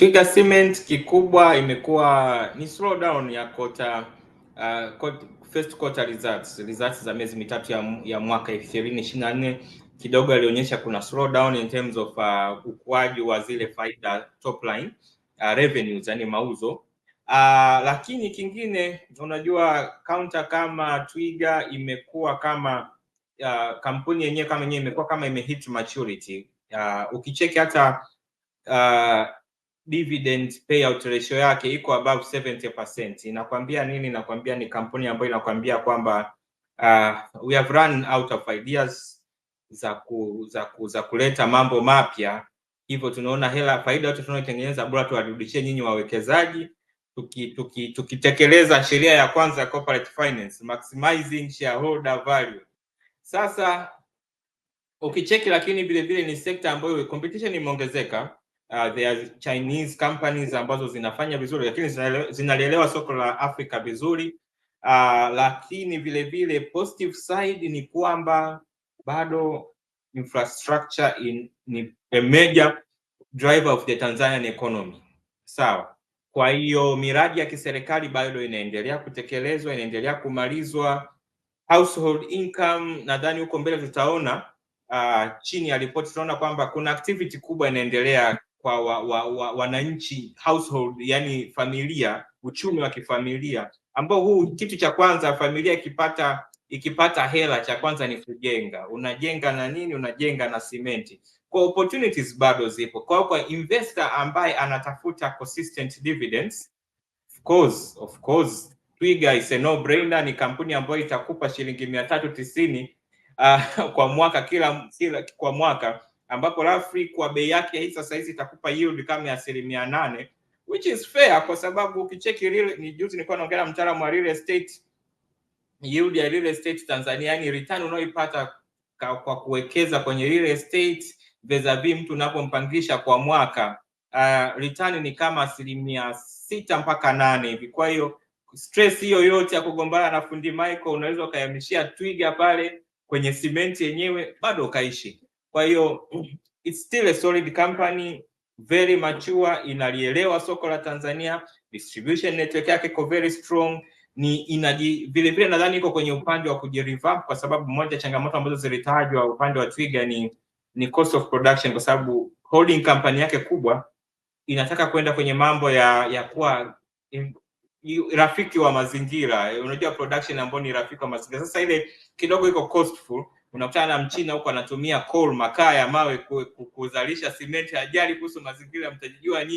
Twiga Cement kikubwa imekuwa ni slowdown ya kota uh, first quarter results, results za miezi mitatu ya, ya mwaka 2024 kidogo alionyesha kuna slowdown in terms of uh, ukuaji wa zile faida top line uh, revenues yani mauzo uh, lakini kingine unajua counter kama Twiga imekuwa kama uh, kampuni yenyewe kama yenyewe imekuwa kama imehit maturity uh, ukicheki hata uh, dividend payout ratio yake iko above 70%. Inakwambia nini? Inakwambia ni kampuni ambayo inakwambia kwamba uh, we have run out of ideas za ku, za, ku, za kuleta mambo mapya, hivyo tunaona hela faida yote tunayotengeneza bora tuwarudishie nyinyi wawekezaji, tukitekeleza tuki, tuki sheria ya kwanza ya corporate finance, maximizing shareholder value. Sasa ukicheki, lakini vile vile ni sekta ambayo competition imeongezeka uh, there are Chinese companies ambazo zinafanya vizuri, lakini zinalielewa soko la Afrika vizuri. Uh, lakini vile vile positive side ni kwamba bado infrastructure in, ni a major driver of the Tanzanian economy. Sawa. Kwa hiyo miradi ya kiserikali bado inaendelea kutekelezwa, inaendelea kumalizwa. Household income nadhani huko mbele tutaona, uh, chini ya ripoti tutaona kwamba kuna activity kubwa inaendelea kwa wa, wa, wa, wananchi household yani familia, uchumi wa kifamilia ambao huu, kitu cha kwanza familia ikipata ikipata hela, cha kwanza ni kujenga. Unajenga na nini? Unajenga na simenti. Kwa opportunities bado zipo kwa, kwa investor ambaye anatafuta consistent dividends. Of course, of course Twiga is a no brainer, ni kampuni ambayo itakupa shilingi mia tatu tisini uh, kwa mwaka kila, kila kwa mwaka ambapo Rafli kwa bei yake hii sasa hizi itakupa yield kama ya asilimia nane which is fair, kwa sababu ukicheki real, ni juzi nilikuwa naongea na mtaalamu wa real estate, yield ya real estate Tanzania, yani return unaoipata kwa kuwekeza kwenye real estate vis-a-vis mtu unapompangisha kwa mwaka uh, return ni kama asilimia sita mpaka nane hivi. Kwa hiyo stress hiyo yote ya kugombana na fundi Michael unaweza ukahamishia twiga pale kwenye simenti yenyewe bado ukaishi. Kwa hiyo it's still a solid company very mature, inalielewa soko la Tanzania, distribution network yake iko very strong ni inaji vile vile, nadhani iko kwenye upande wa kujirevamp, kwa sababu moja changamoto ambazo zilitajwa upande wa Twiga ni ni cost of production, kwa sababu holding company yake kubwa inataka kwenda kwenye mambo ya ya kuwa rafiki wa mazingira. Unajua production ambayo ni rafiki wa mazingira, sasa ile kidogo iko costful unakutana na mchina huko anatumia coal, makaa ya mawe kuzalisha simenti. Ajali kuhusu mazingira mtajijua